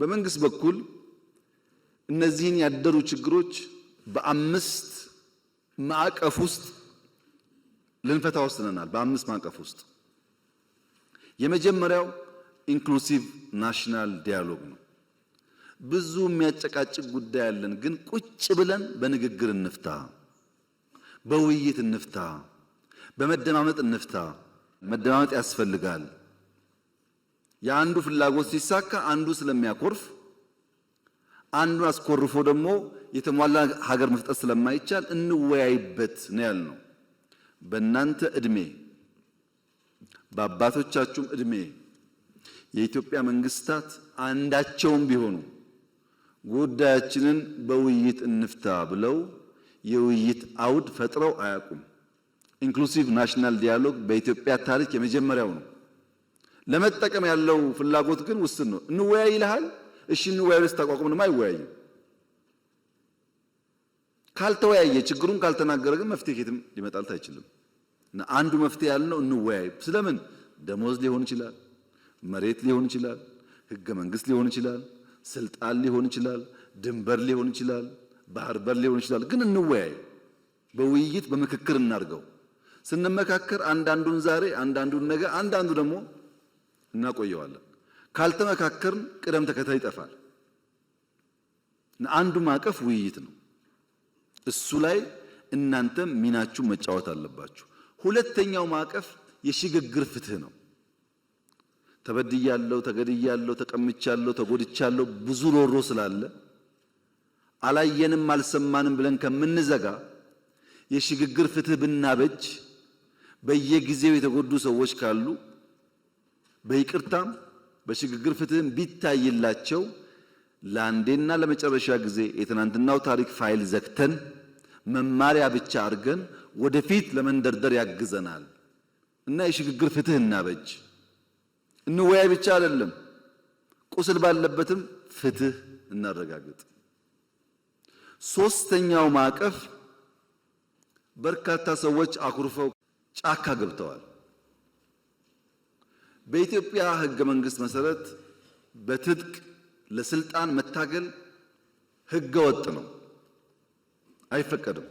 በመንግስት በኩል እነዚህን ያደሩ ችግሮች በአምስት ማዕቀፍ ውስጥ ልንፈታ ወስነናል። በአምስት ማዕቀፍ ውስጥ የመጀመሪያው ኢንክሉሲቭ ናሽናል ዲያሎግ ነው። ብዙ የሚያጨቃጭቅ ጉዳይ አለን ግን ቁጭ ብለን በንግግር እንፍታ፣ በውይይት እንፍታ፣ በመደማመጥ እንፍታ። መደማመጥ ያስፈልጋል። የአንዱ ፍላጎት ሲሳካ አንዱ ስለሚያኮርፍ አንዱን አስኮርፎ ደግሞ የተሟላ ሀገር መፍጠር ስለማይቻል እንወያይበት ነው ያልነው። በእናንተ እድሜ በአባቶቻችሁም እድሜ የኢትዮጵያ መንግስታት አንዳቸውም ቢሆኑ ጉዳያችንን በውይይት እንፍታ ብለው የውይይት አውድ ፈጥረው አያውቁም። ኢንክሉሲቭ ናሽናል ዲያሎግ በኢትዮጵያ ታሪክ የመጀመሪያው ነው። ለመጠቀም ያለው ፍላጎት ግን ውስን ነው። እንወያይ ይልሃል። እሺ እንወያይ ብለህ ስታቋቁም አይወያይም። ካልተወያየ ችግሩን ካልተናገረ ግን መፍትሄ ኬትም ሊመጣልት አይችልም። እና አንዱ መፍትሄ ያልነው እንወያይ። ስለምን ደሞዝ ሊሆን ይችላል፣ መሬት ሊሆን ይችላል፣ ህገ መንግስት ሊሆን ይችላል፣ ስልጣን ሊሆን ይችላል፣ ድንበር ሊሆን ይችላል፣ ባህር በር ሊሆን ይችላል። ግን እንወያይ፣ በውይይት በምክክር እናድርገው። ስንመካከር አንዳንዱን ዛሬ አንዳንዱን ነገ አንዳንዱ ደግሞ እናቆየዋለን። ካልተመካከርን ቅደም ተከታይ ይጠፋል። አንዱ ማዕቀፍ ውይይት ነው። እሱ ላይ እናንተም ሚናችሁ መጫወት አለባችሁ። ሁለተኛው ማዕቀፍ የሽግግር ፍትህ ነው። ተበድያለሁ፣ ተገድያለሁ፣ ተቀምቻለሁ፣ ተጎድቻለሁ ብዙ ሮሮ ስላለ አላየንም፣ አልሰማንም ብለን ከምንዘጋ የሽግግር ፍትህ ብናበጅ በየጊዜው የተጎዱ ሰዎች ካሉ በይቅርታም በሽግግር ፍትህም ቢታይላቸው ለአንዴና ለመጨረሻ ጊዜ የትናንትናው ታሪክ ፋይል ዘግተን መማሪያ ብቻ አድርገን ወደፊት ለመንደርደር ያግዘናል እና የሽግግር ፍትህ እናበጅ። እንወያይ ብቻ አይደለም፣ ቁስል ባለበትም ፍትህ እናረጋግጥ። ሶስተኛው ማዕቀፍ በርካታ ሰዎች አኩርፈው ጫካ ገብተዋል። በኢትዮጵያ ህገ መንግስት መሰረት በትጥቅ ለስልጣን መታገል ህገ ወጥ ነው፣ አይፈቀድም።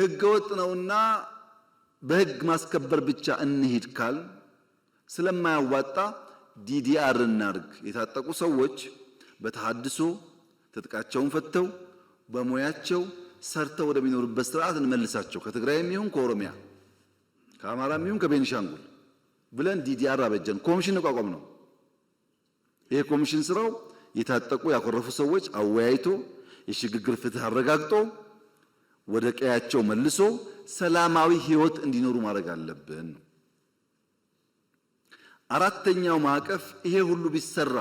ህገ ወጥ ነውና በህግ ማስከበር ብቻ እንሂድ ካል ስለማያዋጣ ዲዲአር እናርግ። የታጠቁ ሰዎች በተሃድሶ ትጥቃቸውን ፈተው በሙያቸው ሰርተው ወደሚኖሩበት ስርዓት እንመልሳቸው። ከትግራይም ይሁን ከኦሮሚያ ከአማራም ይሁን ከቤኒሻንጉል ብለን ዲዲአር አበጀን። ኮሚሽን እቋቋም ነው። ይሄ ኮሚሽን ስራው የታጠቁ ያኮረፉ ሰዎች አወያይቶ የሽግግር ፍትህ አረጋግጦ ወደ ቀያቸው መልሶ ሰላማዊ ህይወት እንዲኖሩ ማድረግ አለብን። አራተኛው ማዕቀፍ ይሄ ሁሉ ቢሰራ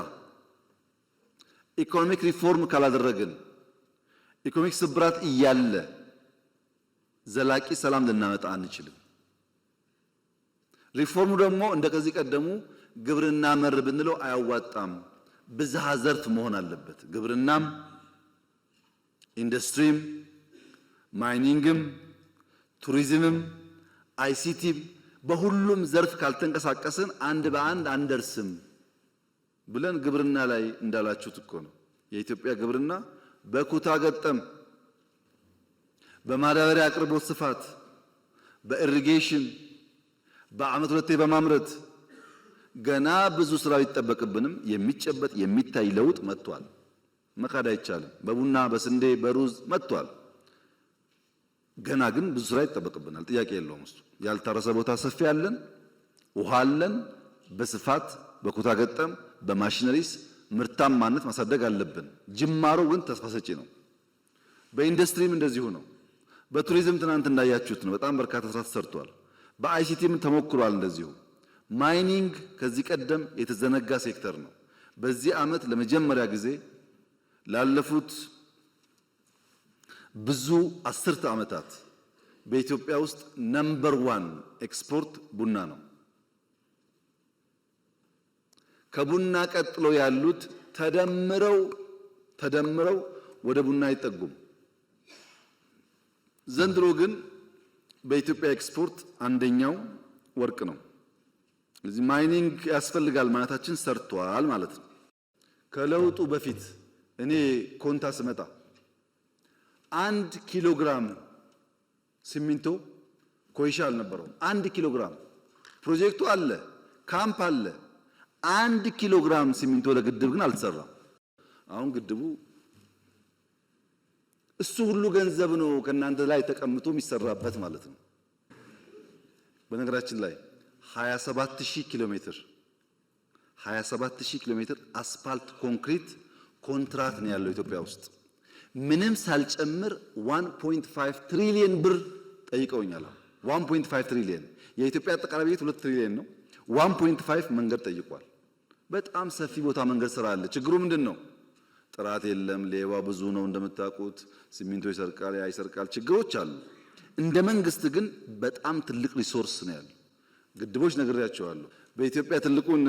ኢኮኖሚክ ሪፎርም ካላደረግን ኢኮኖሚክ ስብራት እያለ ዘላቂ ሰላም ልናመጣ አንችልም። ሪፎርሙ ደግሞ እንደከዚህ ቀደሙ ግብርና መር ብንለው አያዋጣም። ብዝሃ ዘርፍ መሆን አለበት። ግብርናም፣ ኢንዱስትሪም፣ ማይኒንግም፣ ቱሪዝምም፣ አይሲቲም በሁሉም ዘርፍ ካልተንቀሳቀስን አንድ በአንድ አንደርስም ብለን ግብርና ላይ እንዳላችሁት እኮ ነው የኢትዮጵያ ግብርና በኩታ ገጠም፣ በማዳበሪያ አቅርቦት ስፋት፣ በኢሪጌሽን በአመት ሁለቴ በማምረት ገና ብዙ ስራ ይጠበቅብንም። የሚጨበጥ የሚታይ ለውጥ መጥቷል። መካድ አይቻልም። በቡና በስንዴ በሩዝ መጥቷል። ገና ግን ብዙ ስራ ይጠበቅብናል። ጥያቄ የለውም እሱ። ያልታረሰ ቦታ ሰፊ አለን፣ ውሃ አለን። በስፋት በኩታ ገጠም በማሽነሪስ ምርታማነት ማሳደግ አለብን። ጅማሮ ግን ተስፋ ሰጪ ነው። በኢንዱስትሪም እንደዚሁ ነው። በቱሪዝም ትናንት እንዳያችሁት ነው። በጣም በርካታ ስራ ተሰርቷል። በአይሲቲም ተሞክሯል። እንደዚሁ ማይኒንግ ከዚህ ቀደም የተዘነጋ ሴክተር ነው። በዚህ ዓመት ለመጀመሪያ ጊዜ ላለፉት ብዙ አስርተ ዓመታት በኢትዮጵያ ውስጥ ነምበር ዋን ኤክስፖርት ቡና ነው። ከቡና ቀጥሎ ያሉት ተደምረው ተደምረው ወደ ቡና አይጠጉም። ዘንድሮ ግን በኢትዮጵያ ኤክስፖርት አንደኛው ወርቅ ነው። ስለዚህ ማይኒንግ ያስፈልጋል ማለታችን ሰርቷል ማለት ነው። ከለውጡ በፊት እኔ ኮንታ ስመጣ አንድ ኪሎ ግራም ሲሚንቶ ኮይሻ አልነበረውም። አንድ ኪሎ ግራም ፕሮጀክቱ አለ፣ ካምፕ አለ። አንድ ኪሎ ግራም ሲሚንቶ ለግድብ ግን አልተሰራም። አሁን ግድቡ እሱ ሁሉ ገንዘብ ነው ከእናንተ ላይ ተቀምጦ የሚሰራበት ማለት ነው። በነገራችን ላይ 27000 ኪሎ ሜትር 27000 ኪሎ ሜትር አስፋልት ኮንክሪት ኮንትራት ነው ያለው ኢትዮጵያ ውስጥ ምንም ሳልጨምር 1.5 ትሪሊየን ብር ጠይቀውኛል። 1.5 ትሪሊየን የኢትዮጵያ አጠቃላይ በጀት 2 ትሪሊየን ነው። 1.5 መንገድ ጠይቋል። በጣም ሰፊ ቦታ መንገድ ስራ አለ። ችግሩ ምንድን ነው? ጥራት የለም፣ ሌባ ብዙ ነው። እንደምታውቁት ሲሚንቶ ይሰርቃል፣ ያ ይሰርቃል፣ ችግሮች አሉ። እንደ መንግስት ግን በጣም ትልቅ ሪሶርስ ነው ያለው። ግድቦች ነግሬያቸዋለሁ። በኢትዮጵያ ትልቁን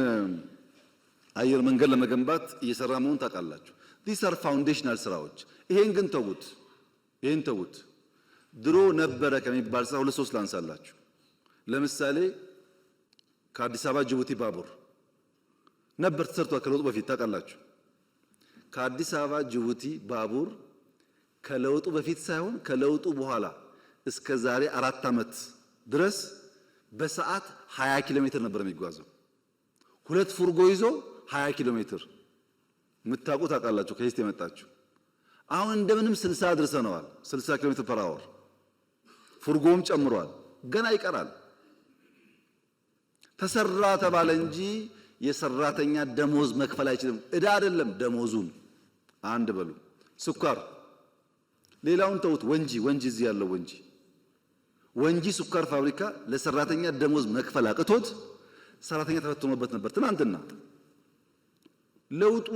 አየር መንገድ ለመገንባት እየሰራ መሆን ታውቃላችሁ። ዲስ አር ፋውንዴሽናል ስራዎች። ይሄን ግን ተውት፣ ይሄን ተውት ድሮ ነበረ ከሚባል ስራ ሁለት ሶስት ላንሳላችሁ። ለምሳሌ ከአዲስ አበባ ጅቡቲ ባቡር ነበር ተሰርቷል፣ ከለውጡ በፊት ታውቃላችሁ። ከአዲስ አበባ ጅቡቲ ባቡር ከለውጡ በፊት ሳይሆን ከለውጡ በኋላ እስከ ዛሬ አራት ዓመት ድረስ በሰዓት 20 ኪሎ ሜትር ነበር የሚጓዘው። ሁለት ፉርጎ ይዞ 20 ኪሎ ሜትር የምታውቁት ታውቃላችሁ፣ ከስት የመጣችሁ አሁን እንደምንም 60 አድርሰነዋል። 60 ኪሎ ሜትር ፐር አወር ፉርጎውም ጨምሯል። ገና ይቀራል። ተሰራ ተባለ እንጂ የሰራተኛ ደሞዝ መክፈል አይችልም። እዳ አይደለም ደሞዙን አንድ በሉ። ስኳር ሌላውን ተውት። ወንጂ ወንጂ እዚህ ያለው ወንጂ ወንጂ ስኳር ፋብሪካ ለሰራተኛ ደሞዝ መክፈል አቅቶት ሰራተኛ ተፈትኖበት ነበር ትናንትና። ለውጡ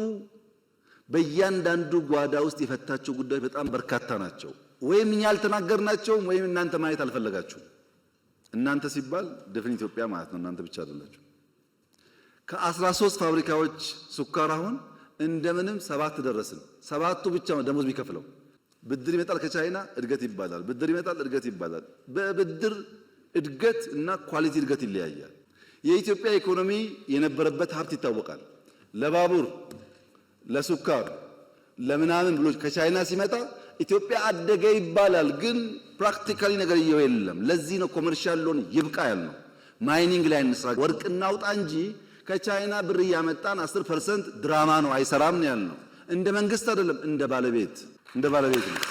በእያንዳንዱ ጓዳ ውስጥ የፈታቸው ጉዳዮች በጣም በርካታ ናቸው። ወይም እኛ አልተናገርናቸውም ወይም እናንተ ማየት አልፈለጋችሁም። እናንተ ሲባል ድፍን ኢትዮጵያ ማለት ነው። እናንተ ብቻ አይደላችሁ። ከ13 ፋብሪካዎች ስኳር አሁን እንደምንም ሰባት ደረስን። ሰባቱ ብቻ ነው ደሞዝ ቢከፍለው። ብድር ይመጣል ከቻይና እድገት ይባላል፣ ብድር ይመጣል እድገት ይባላል። በብድር እድገት እና ኳሊቲ እድገት ይለያያል። የኢትዮጵያ ኢኮኖሚ የነበረበት ሀብት ይታወቃል። ለባቡር ለስኳር ለምናምን ብሎ ከቻይና ሲመጣ ኢትዮጵያ አደገ ይባላል፣ ግን ፕራክቲካሊ ነገርየው የለም። ለዚህ ነው ኮመርሻል ሎን ይብቃ ያልነው። ማይኒንግ ላይ እንስራ፣ ወርቅ እናውጣ እንጂ ከቻይና ብር እያመጣን 10% ድራማ ነው አይሰራም ነው ያልነው። እንደ መንግስት አይደለም እንደ ባለቤት እንደ ባለቤት ነው።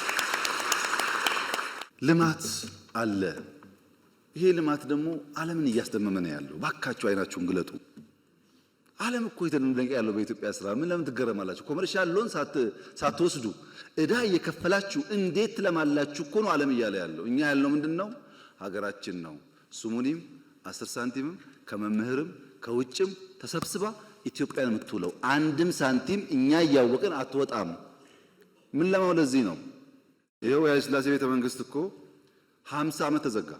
ልማት አለ። ይሄ ልማት ደግሞ ዓለምን እያስደመመ ነው ያለው። ባካችሁ አይናችሁን ግለጡ። ዓለም እኮ የተደነቀ ያለው በኢትዮጵያ ስራ ምን ለምን ትገረማላችሁ? ኮመርሻል ሎን ሳትወስዱ እዳ እየከፈላችሁ እንዴት ትለማላችሁ እኮ ነው ዓለም እያለ ያለው። እኛ ያለው ምንድን ነው? ሀገራችን ነው። ስሙኒም አስር ሳንቲምም ከመምህርም ከውጭም ተሰብስባ ኢትዮጵያን የምትውለው አንድም ሳንቲም እኛ እያወቅን አትወጣም። ምን ለማው ለዚህ ነው ይኸው የኃይለ ሥላሴ ቤተ መንግስት እኮ 50 ዓመት ተዘጋ።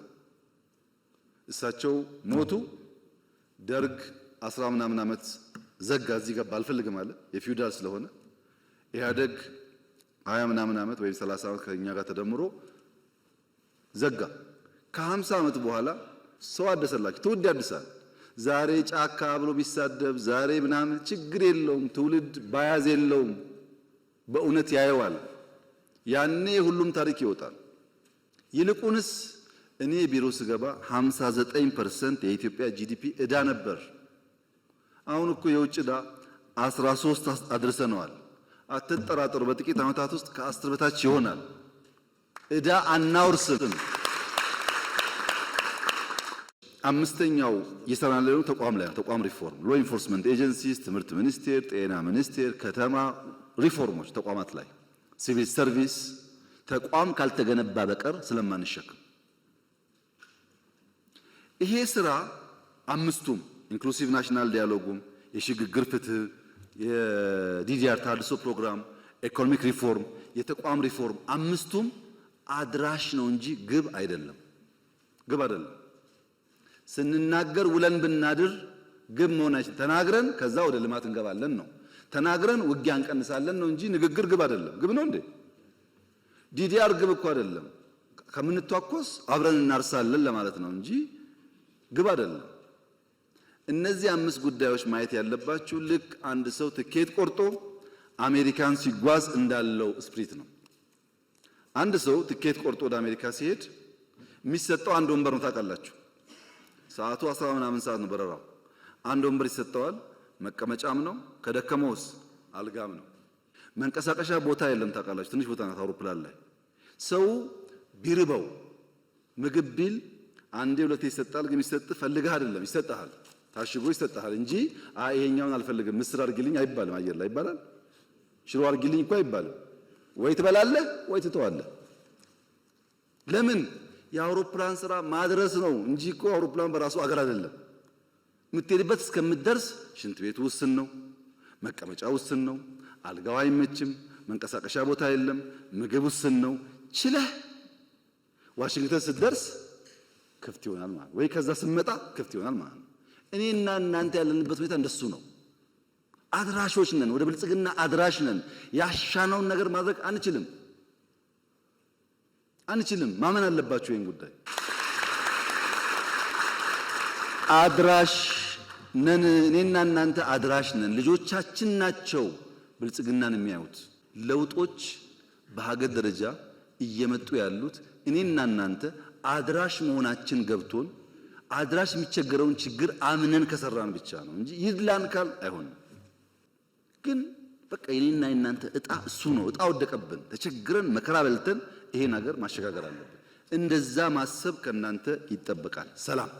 እሳቸው ሞቱ፣ ደርግ አስራ ምናምን ዓመት ዘጋ። እዚህ ጋር ባልፈልግም አለ የፊውዳል ስለሆነ ኢህአደግ 20 ምናምን ዓመት ወይም 30 ዓመት ከኛ ጋር ተደምሮ ዘጋ። ከ50 ዓመት በኋላ ሰው አደሰላችሁ፣ ትውልድ ያድሳል። ዛሬ ጫካ ብሎ ቢሳደብ ዛሬ ምናምን ችግር የለውም። ትውልድ ባያዝ የለውም። በእውነት ያየዋል። ያኔ ሁሉም ታሪክ ይወጣል። ይልቁንስ እኔ ቢሮ ስገባ 59% የኢትዮጵያ ጂዲፒ ዕዳ ነበር። አሁን እኮ የውጭ እዳ 13 አድርሰነዋል። አትጠራጠሩ፣ በጥቂት ዓመታት ውስጥ ከአስር በታች ይሆናል። እዳ አናወርስም። አምስተኛው እየሰራን ያለነው ተቋም ላይ ተቋም ሪፎርም ሎ ኢንፎርስመንት ኤጀንሲስ፣ ትምህርት ሚኒስቴር፣ ጤና ሚኒስቴር፣ ከተማ ሪፎርሞች ተቋማት ላይ ሲቪል ሰርቪስ ተቋም ካልተገነባ በቀር ስለማንሸክም ይሄ ስራ አምስቱም ኢንክሉሲቭ ናሽናል ዲያሎጉም የሽግግር ፍትህ የዲዲአር ታድሶ ፕሮግራም ኢኮኖሚክ ሪፎርም የተቋም ሪፎርም አምስቱም አድራሽ ነው እንጂ ግብ አይደለም፣ ግብ አይደለም። ስንናገር ውለን ብናድር ግብ መሆናችን ተናግረን ከዛ ወደ ልማት እንገባለን ነው። ተናግረን ውጊያ እንቀንሳለን ነው እንጂ ንግግር ግብ አይደለም። ግብ ነው እንዴ? ዲዲአር ግብ እኮ አይደለም። ከምንተኳኮስ አብረን እናርሳለን ለማለት ነው እንጂ ግብ አይደለም። እነዚህ አምስት ጉዳዮች ማየት ያለባችሁ ልክ አንድ ሰው ትኬት ቆርጦ አሜሪካን ሲጓዝ እንዳለው ስፕሪት ነው። አንድ ሰው ትኬት ቆርጦ ወደ አሜሪካ ሲሄድ የሚሰጠው አንድ ወንበር ነው። ታውቃላችሁ ሰዓቱ አስራ ምናምን ሰዓት ነው በረራው። አንድ ወንበር ይሰጠዋል፣ መቀመጫም ነው። ከደከመውስ አልጋም ነው። መንቀሳቀሻ ቦታ የለም። ታውቃላችሁ፣ ትንሽ ቦታ ናት አውሮፕላን ላይ። ሰው ቢርበው ምግብ ቢል አንዴ ሁለቴ ይሰጣል። ግን ይሰጥ ፈልገህ አይደለም ይሰጥሃል፣ ታሽጎ ይሰጥሃል እንጂ አይ ይሄኛውን አልፈልግም ምስር አድርጊልኝ አይባልም። አየር ላይ ይባላል። ሽሮ አድርጊልኝ እኮ አይባልም። ወይ ትበላለህ ወይ ትተዋለህ። ለምን የአውሮፕላን ስራ ማድረስ ነው እንጂ እኮ አውሮፕላን በራሱ አገር አይደለም። የምትሄድበት እስከምትደርስ ሽንት ቤት ውስን ነው፣ መቀመጫ ውስን ነው፣ አልጋው አይመችም፣ መንቀሳቀሻ ቦታ የለም፣ ምግብ ውስን ነው። ችለህ ዋሽንግተን ስትደርስ ክፍት ይሆናል ማለት ወይ ከዛ ስትመጣ ክፍት ይሆናል ማለት ነው። እኔና እናንተ ያለንበት ሁኔታ እንደሱ ነው። አድራሾች ነን፣ ወደ ብልጽግና አድራሽ ነን። ያሻነውን ነገር ማድረግ አንችልም። አንችልም። ማመን አለባችሁ ይህን ጉዳይ አድራሽ ነን። እኔና እናንተ አድራሽ ነን። ልጆቻችን ናቸው ብልጽግናን የሚያዩት። ለውጦች በሀገር ደረጃ እየመጡ ያሉት እኔና እናንተ አድራሽ መሆናችን ገብቶን አድራሽ የሚቸገረውን ችግር አምነን ከሰራን ብቻ ነው እንጂ ይድላን ካል አይሆንም። ግን በቃ የኔና የእናንተ እጣ እሱ ነው። እጣ ወደቀብን፣ ተቸግረን መከራ በልተን ይሄን ሀገር ማሸጋገር አለብን። እንደዛ ማሰብ ከእናንተ ይጠበቃል። ሰላም